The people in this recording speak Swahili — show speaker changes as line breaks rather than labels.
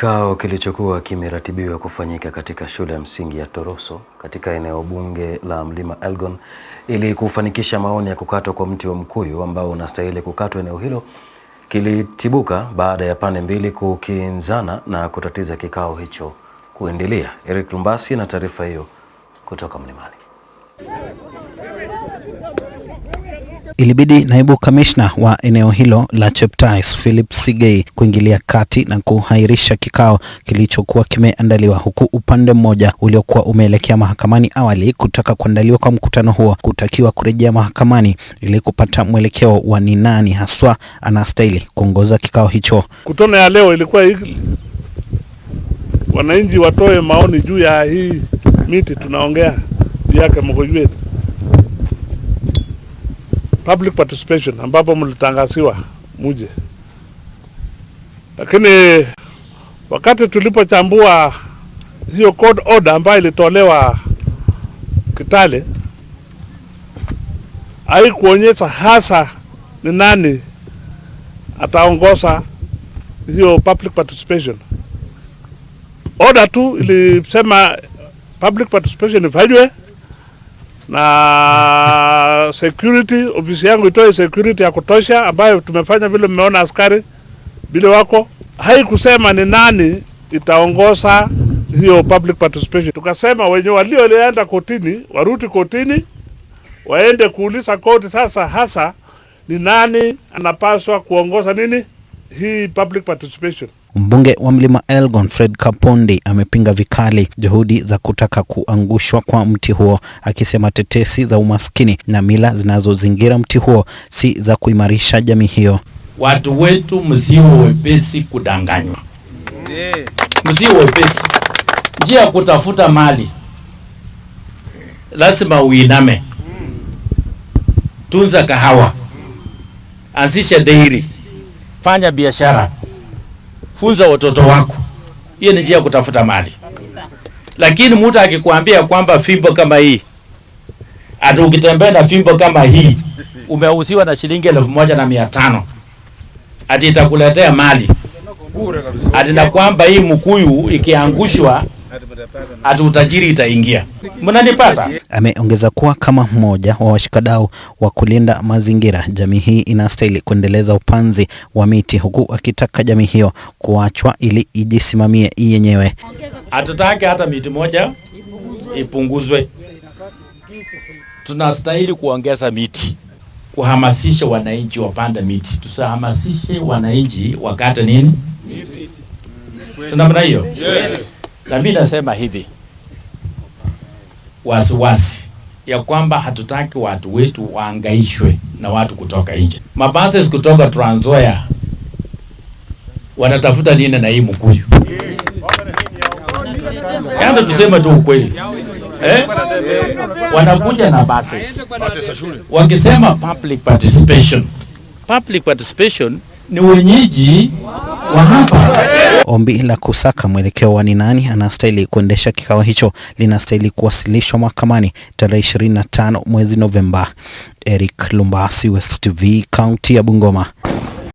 Kikao kilichokuwa kimeratibiwa kufanyika katika shule ya msingi ya Toroso katika eneo bunge la Mlima Elgon ili kufanikisha maoni ya kukatwa kwa mti wa mkuyu ambao unastahili kukatwa eneo hilo kilitibuka baada ya pande mbili kukinzana na kutatiza kikao hicho kuendelea. Eric Lumbasi na taarifa hiyo kutoka Mlimani.
Ilibidi naibu kamishna wa eneo hilo la Cheptais Philip Sigei kuingilia kati na kuhairisha kikao kilichokuwa kimeandaliwa, huku upande mmoja uliokuwa umeelekea mahakamani awali kutaka kuandaliwa kwa mkutano huo kutakiwa kurejea mahakamani ili kupata mwelekeo wa ni nani haswa anastahili kuongoza kikao hicho.
Kutano ya leo ilikuwa hili, wananchi watoe maoni juu ya hii miti tunaongea juu yake mkojue public participation ambapo mlitangaziwa muje, lakini wakati tulipochambua hiyo court order ambayo ilitolewa Kitale haikuonyesha hasa ni nani ataongoza hiyo public participation. Order tu ilisema public participation ifanywe na security, ofisi yangu itoe security ya kutosha, ambayo tumefanya vile mmeona askari vile wako. Haikusema ni nani itaongoza hiyo public participation. Tukasema wenye walioenda kotini waruti kotini, waende kuuliza koti sasa hasa ni nani anapaswa kuongoza nini hii public participation.
Mbunge wa Mlima Elgon Fred Kapondi amepinga vikali juhudi za kutaka kuangushwa kwa mti huo, akisema tetesi za umaskini na mila zinazozingira mti huo si za kuimarisha jamii hiyo.
Watu wetu, msiwe wepesi kudanganywa, msiwe wepesi. Njia ya kutafuta mali lazima uiname. Tunza kahawa, anzisha dairy fanya biashara, funza watoto wako. Hiyo ni njia ya kutafuta mali. Lakini mtu akikwambia kwamba fimbo kama hii, hata ukitembea na fimbo kama hii umeuziwa na shilingi elfu moja na mia tano ati itakuletea mali, ati na kwamba hii mkuyu ikiangushwa hata utajiri itaingia. Mnanipata?
Ameongeza kuwa kama mmoja wa washikadau wa kulinda mazingira, jamii hii inastahili kuendeleza upanzi wa miti, huku akitaka jamii hiyo kuachwa ili ijisimamie yenyewe.
Hatutaki hata miti moja ipunguzwe, tunastahili kuongeza miti kuhamasisha wananchi wapanda miti, tusahamasishe wananchi wakata nini? si namna hiyo? Yes. Na mimi nasema hivi, wasiwasi ya kwamba hatutaki watu wetu waangaishwe na watu kutoka nje. Mabasi kutoka Trans Nzoia wanatafuta nini na hii Mkuyu? Kando yaani tuseme tu ukweli eh? Wanakuja na buses. wakisema public participation. Public participation ni wenyeji wa hapa
ombi la kusaka mwelekeo wa ni nani anastahili kuendesha kikao hicho linastahili kuwasilishwa mahakamani tarehe 25 mwezi Novemba. Eric Lumbasi, West TV, kaunti ya Bungoma.